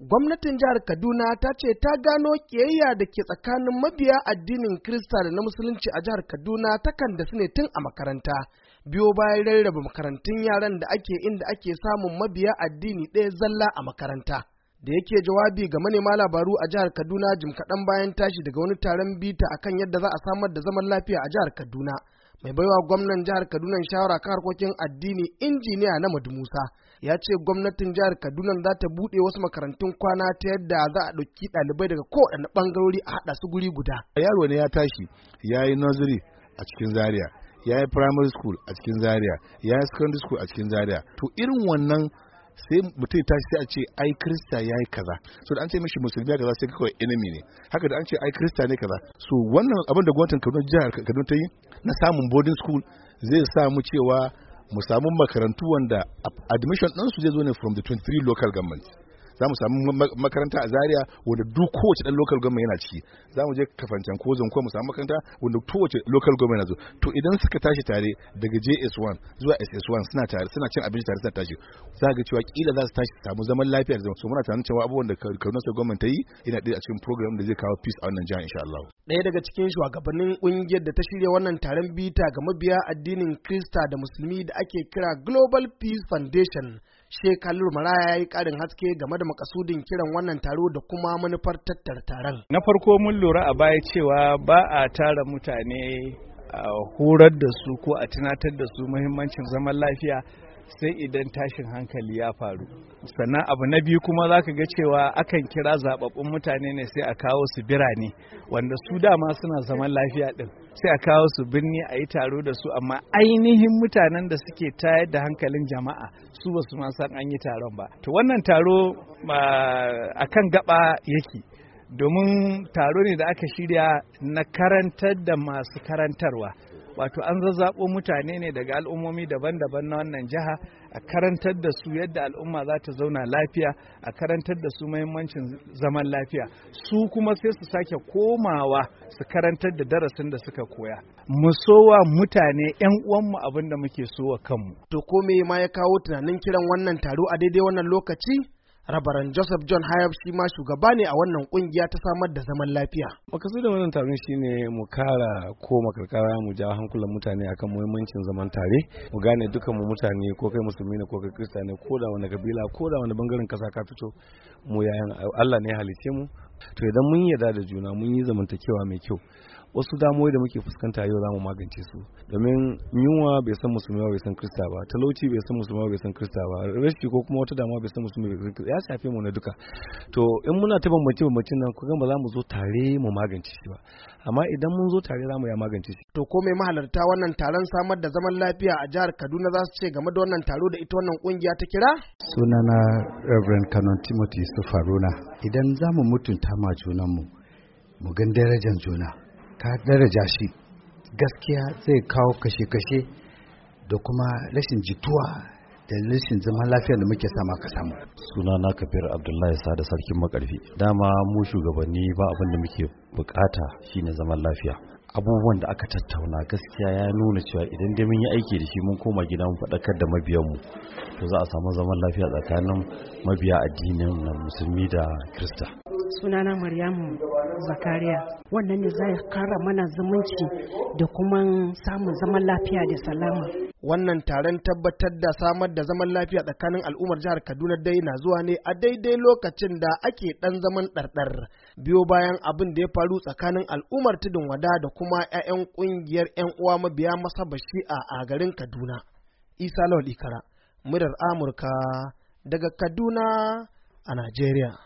Gwamnatin jihar Kaduna ta ce ta gano kiyayya da ke tsakanin mabiya addinin Kirista da na Musulunci a jihar Kaduna takan da ne tun a makaranta. Biyo bayan rarraba makarantun yaran da ake inda ake samun mabiya addini ɗaya zalla a makaranta. da yake jawabi ga manema labaru a jihar Kaduna jim kaɗan bayan tashi daga wani taron bita akan yadda za a samar da zaman lafiya a jihar Kaduna. mai baiwa gwamnan jihar kaduna shawara kan harkokin addini injiniya na madu musa ya ce gwamnatin jihar kaduna za ta buɗe wasu makarantun kwana ta yadda za a ɗauki ɗalibai daga kowane ɓangarori a haɗa su guri guda yaro ne ya tashi ya yi nursery a cikin zaria ya yi primary school a cikin zaria ya yi secondary school a cikin zaria to irin wannan sai mutum ta sai a ce ai krista ya yi kaza so da an ce mishi musulmi ya kaza sai kawai enemy ne haka da an ce ai krista ne kaza so wannan abin da gwamnatin kaduna jihar kaduna ta yi na samun boarding school zai samu cewa mu samu makarantu wanda admission ɗansu zai zo ne from the 23 local government za mu samu makaranta a zaria wanda duk kowace dan local government yana ciki za mu je kafancan ko zan mu samu makaranta wanda kowace local government na zo to idan suka tashi tare daga js1 zuwa ss1 suna tare suna cin abinci tare suna tashi za ga cewa kila za su tashi samu zaman lafiya da zama so muna tunanin cewa abubuwan da kaduna state government ta yi yana ɗaya a cikin program da zai kawo peace a wannan jihar insha Allah ɗaya daga cikin shugabannin ƙungiyar da ta shirya wannan taron bita ga mabiya addinin krista da musulmi da ake kira global peace foundation Shekalur Maraya ya yi ƙarin haske game da makasudin kiran wannan taro da kuma manufar tattara taron. Na farko mun lura a baya cewa ba a tara mutane a horar da su ko a tunatar da su muhimmancin zaman lafiya sai idan tashin hankali ya faru sannan abu na biyu kuma za ka ga cewa akan kira zababbun mutane ne sai a kawo su birane wanda su dama suna zaman lafiya din sai a kawo su birni a yi taro da su amma ainihin mutanen da suke tayar da hankalin jama'a su ba su ma san an yi taron ba to wannan taro a kan gaba yake domin taro ne da aka shirya na karantar da masu karantarwa wato an zazzabo mutane ne daga al'ummomi daban-daban na wannan jiha a karantar da su yadda al'umma za ta zauna lafiya a karantar da su mahimmancin zaman lafiya su kuma sai su sake komawa su karantar da darasin da suka koya mu sowa mutane 'yan uwanmu abin da muke sowa kanmu to ko me ma ya kawo tunanin kiran wannan taro a daidai wannan lokaci rabaran joseph john hayab shi ma shugaba ne a wannan kungiya ta samar da zaman lafiya da wannan taron shine mu kara ko makarkara mu ja hankulan mutane akan muhimmancin zaman tare mu gane dukan mu mutane ko kai musulmi ne ko kai kirista ne ko da wani kabila ko da wani bangaren kasa ka fito mu yayan Allah ne ya halice mu to idan mun yarda da juna mun yi zamantakewa mai kyau wasu damuwoyi da muke fuskanta yau zamu magance su domin yunwa bai san musulmi bai san krista ba talauci bai san musulmi bai san krista ba rashi ko kuma wata damuwa bai san musulmi bai san krista ya shafe mu na duka to in muna ta bambance bambancin nan kuma ba za mu zo tare mu magance shi ba amma idan mun zo tare za mu ya magance shi to ko mai mahalarta wannan taron samar da zaman lafiya a jihar Kaduna za su ce game da wannan taro da ita wannan kungiya ta kira sunana Reverend Canon Timothy Sufaruna idan za mu mutunta ma junanmu mu gan darajar juna ka daraja shi gaskiya zai kawo kashe-kashe da kuma rashin jituwa da rashin zaman lafiya da muke sama ka samu suna na kafir abdullahi sada sarkin makarfi dama mu shugabanni ba abin da muke bukata shine zaman lafiya abubuwan da aka tattauna gaskiya ya nuna cewa idan dai mun yi aiki da shi mun koma gida mun faɗakar da mabiyanmu to za a samu zaman lafiya tsakanin mabiya addinin musulmi da kirista. sunana maryamu zakariya wannan ne zai kara mana zumunci da kuma samun zaman lafiya da salama wannan taron tabbatar da samar da zaman lafiya tsakanin al'ummar jihar kaduna dai na zuwa ne a daidai lokacin da ake dan zaman ɗarɗar biyo bayan abin da ya faru tsakanin al'ummar tudun wada da kuma 'ya'yan ƙungiyar 'yan uwa mabiya masa bashi'a a garin kaduna isa lawal ikara murar amurka daga kaduna a najeriya